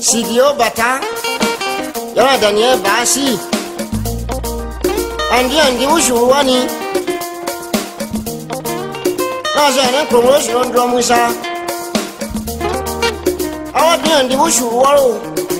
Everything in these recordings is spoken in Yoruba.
Sidio Bata, Yara Daniel Basi, Andi Andi Ushuwani, Nazana Promotion Awa Awadi Andi Ushuwaro.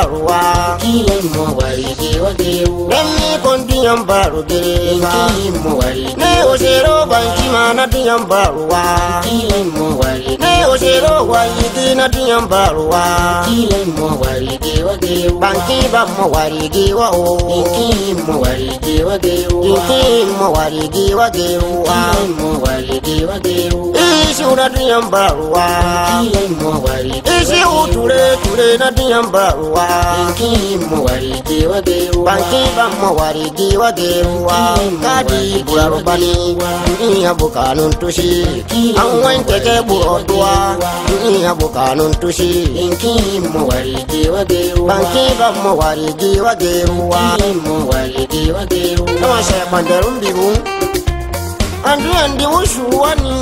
baruwa kilin mu wari gewa gewu dan ne kon diyan baru gereba kilin mu wari ne o ma na mana diyan baruwa kilin mu wari ocelowa igi na dia mbaluwa bankibamo warigiwa o inkimo warigiwa geuwa isi una dia mbaluwa isi utuletule na dia mbaluwa bankibamo warigiwa geuwa kadi bulalubani ndiabukanuntusi angwenteke bulotwa iya bukanun tushi inki mu warige wage ruwa banki ba mu warige wage ruwa mu warige wage ruwa kama sai bandarun bibu andu andi wushu wani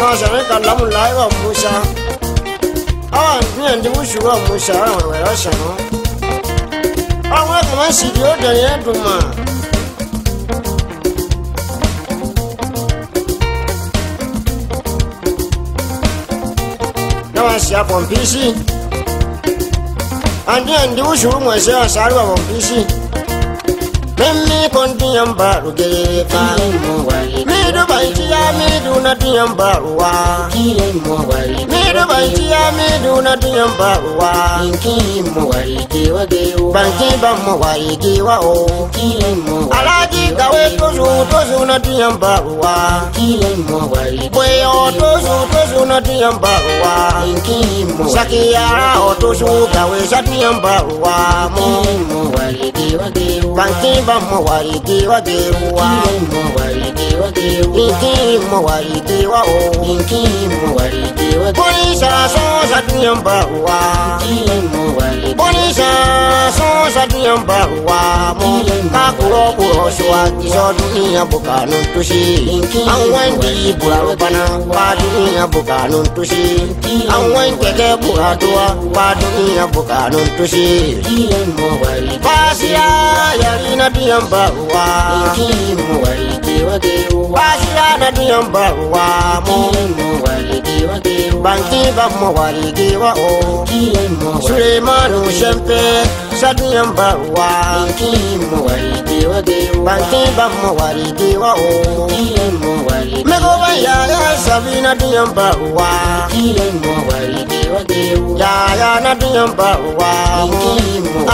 ma sai kallamu lai wa musa awa andu andi wushu wa musa wa wa sha no awa kama sidi o dare duma na wansia pɔmpisi andeɛ ndi wusuru mu ɛsɛ asaare wa pɔmpisi mimi kɔndiyan baro do ba itiya mi do na diyan baro wa kire mu do ba itiya mi do na diyan baro wa kire mu wari gewa gewa banki unatiyambawa otosuotosunatiyambawa sakiya otosugawe satiyambawa bankiba mowari giwa gewa inkimowari giwa o polisa so satiyambawa sadiyan ba wa mu ka kuro kuro suwa kiso duniya bukanu tusi an wani digi buraru bana ba duniya bukanu tusi an wani keke buratuwa ba duniya bukanu tusi baasiya yari na diyan ba wa na diyan wa, mu banki ba mu warige wa o Suleimanu shempe sadiyan barwa banki ba mu warige wa o mego ba yaya sabi na wa, barwa yaya na diyan barwa mu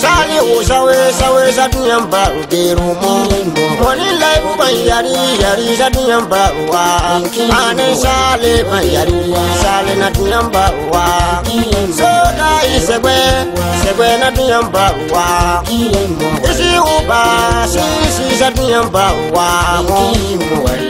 sali wosa wesa wesa duyamba ugeru mo moni lai buba yari yari sa duyamba uwa ane sali ma yari sali na duyamba uwa soda i segwe segwe na duyamba uwa isi uba si si sa duyamba uwa mo mo wari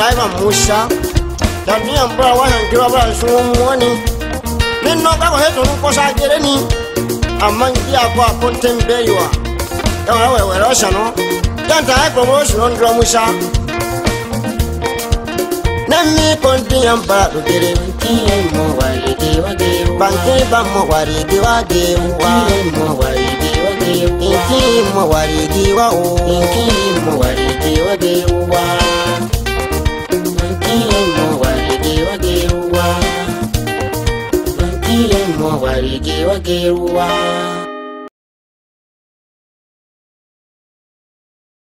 Ivan Musa Dania mbura waya ngira ba nsuo muone Nino kako heto nukosa gereni Amangia kwa kontembeiwa Yawa wewe werosha no Yanta hai promotion on drum Musa Nami konti yamba rugere Ntiye mo waridi wage Banke bamo waridi wage Ntiye mo waridi wage Ntiye mo waridi wa Ntiye mo waridi wage Ntiye mo waridi wage get wild.